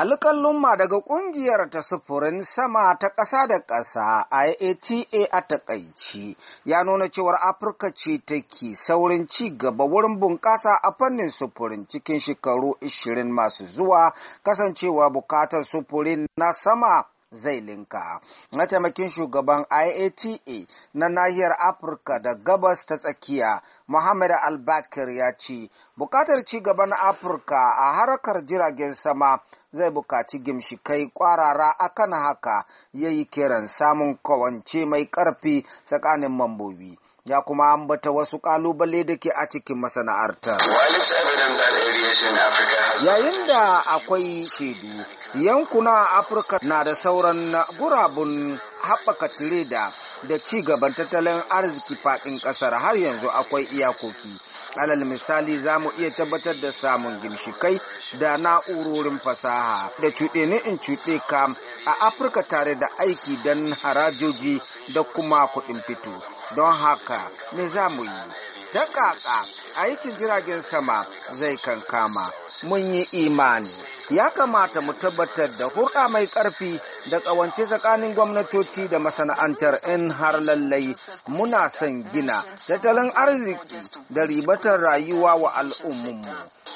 alƙalumma daga ƙungiyar ta sufurin sama ta ƙasa da ƙasa IATA a taƙaici ya nuna cewar Afirka ce take saurin ci gaba wurin bunƙasa a fannin sufurin cikin shekaru 20 masu zuwa kasancewa bukatar sufurin na sama zai linka. Mataimakin shugaban IATA na nahiyar Afirka da gabas ta tsakiya, Muhammad Albakir ya ce, bukatar ci gaban Afirka a harkar jiragen sama zai bukaci gimshikai kwarara akan haka ya yi kiran samun kawance mai ƙarfi tsakanin mambobi. ya kuma ambata wasu kalubale da ke a cikin masana'artar. Yayin da akwai shaidu, yankuna Afirka na da sauran gurabun haɓaka tireda da ci gaban tattalin arziki faɗin ƙasar har yanzu akwai iyakoki. alal misali za mu iya tabbatar da samun ginshikai da na'urorin fasaha da cuɗe ne in cuɗe ka a afirka tare da aiki don harajoji da kuma kuɗin fito don haka ne za mu yi ta ƙaƙa aikin jiragen sama zai kankama mun yi imani ya kamata mu tabbatar da hurɗa mai ƙarfi da ƙawance tsakanin gwamnatoci da masana'antar in har lallai muna son gina tattalin arziki da ribatar rayuwa wa al'ummu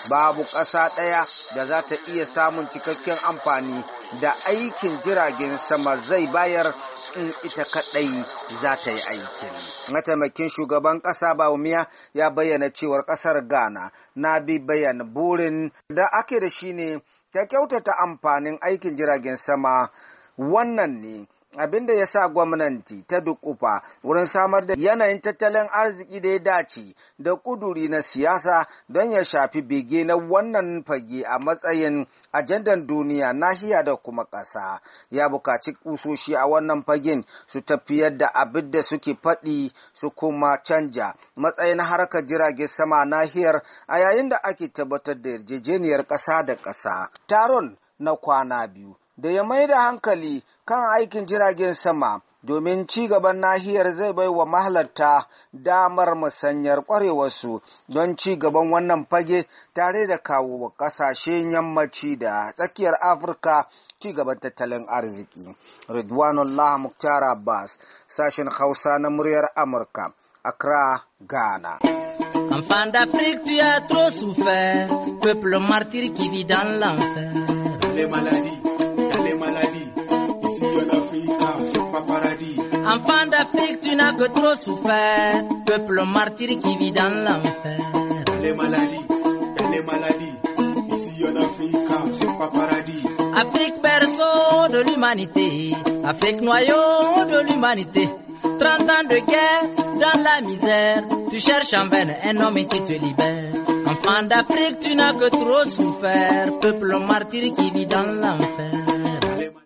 babu ƙasa ɗaya da za ta iya samun cikakken amfani da aikin jiragen sama zai bayar in ita kadai za ta yi aikin. Mataimakin shugaban ƙasa Bawumiya ya bayyana cewar ƙasar Ghana na bi bayan burin da ake da shi ne ta kyautata amfanin aikin jiragen sama wannan ne abin da ya sa gwamnati ta dukufa wurin samar da yanayin tattalin arziki da ya dace da kuduri na siyasa don ya shafi bege na wannan fage a matsayin ajandan duniya nahiya da kuma ƙasa ya buƙaci kusoshi a wannan fagen su tafiyar da abin da suke faɗi su kuma canja matsayin harkar jirage sama nahiyar a yayin da ake tabbatar da yarjejeniyar ƙasa da ƙasa taron na kwana biyu da ya mai da hankali kan aikin jiragen sama domin ci gaban nahiyar zai bai wa mahalarta damar musanyar kwarewarsu don ci gaban wannan fage tare da kawo kasashe yammaci da tsakiyar afirka ci gaban tattalin arziki ridwanullah muktar abbas sashen hausa na muryar amurka accra ghana Enfant d'Afrique, tu as trop souffert, peuple martyr qui vit dans l'enfer. Les maladies. paradis. Enfant d'Afrique, tu n'as que trop souffert. Peuple martyr qui vit dans l'enfer. Les maladies, les maladies. Ici en Afrique, c'est pas paradis. Afrique perso de l'humanité. Afrique noyau de l'humanité. 30 ans de guerre dans la misère. Tu cherches en vain un homme qui te libère. Enfant d'Afrique, tu n'as que trop souffert. Peuple martyr qui vit dans l'enfer.